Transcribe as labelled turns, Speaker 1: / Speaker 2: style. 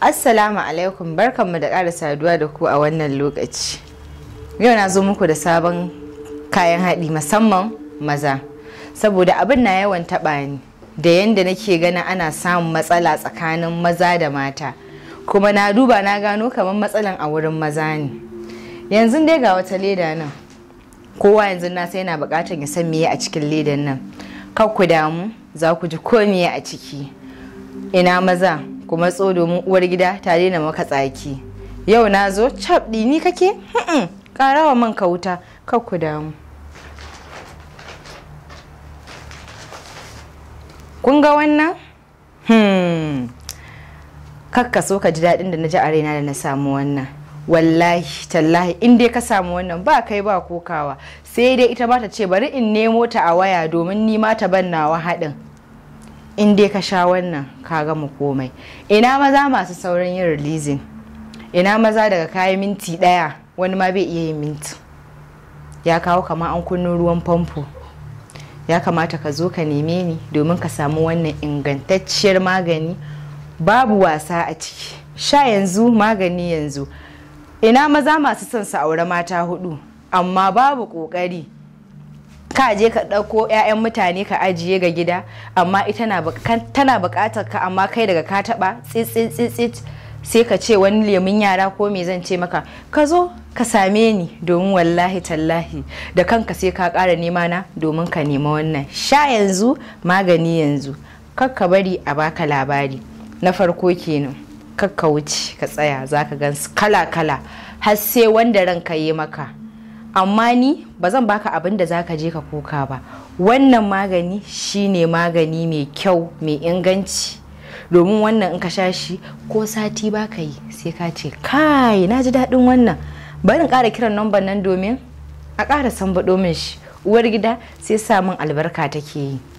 Speaker 1: Assalamu alaikum barkanmu da ƙara saduwa da ku a wannan lokaci. Yau na zo muku da sabon kayan haɗi musamman maza. Saboda abin na yawan taɓa ni da yadda nake ganin ana samun matsala tsakanin maza da mata. Kuma na duba na gano kamar matsalan a wurin maza ne. Yanzu dai ga wata leda nan. Kowa yanzu na sai yana buƙatar ya san meye a cikin ledan nan. Kar ku damu za ku ji ko a ciki. Ina maza. Kuma Tso domin uwar gida ta daina maka tsaki yau na zo cabɗi ni kake karawa man ka wuta kar ku damu kun ga wannan hmm. kakka so ka ji daɗin da na ji a raina da na samu wannan wallahi tallahi in dai ka samu wannan ba kai ba kokawa sai dai ita ba ta ce bari in nemo ta a waya domin ni ma ta ban nawa haɗin in dai ka sha wannan ka gama komai ina maza masu sauran yin releasing ina maza daga kayan minti daya wani ma bai iya yin minti ya kawo kama an kunnin ruwan famfo ya kamata ka zo ka neme ni domin ka samu wannan ingantacciyar magani babu wasa a ciki sha yanzu magani yanzu ina maza masu son su aure mata hudu amma babu kokari ka je ka ɗauko 'ya'yan mutane ka ajiye ga gida amma ita tana buƙatar ka amma kai daga ka taɓa tsitsitsitsit sai ka ce wani lemun yara ko me zan ce maka ka zo ka same ni domin wallahi tallahi da kanka sai ka ƙara nema na domin ka nema wannan sha yanzu magani yanzu kakka bari a baka labari na farko kenan kakka wuce ka tsaya zaka gan kala kala har sai wanda ranka yi maka amma ni ba zan baka abin da za ka je ka kuka ba wannan magani shine magani mai kyau mai inganci domin wannan in ka sha shi ko sati ba ka yi sai ka ce kai na ji daɗin wannan barin ƙara kiran namban nan domin a ƙara sambaɗo min shi uwar gida sai samun albarka take yi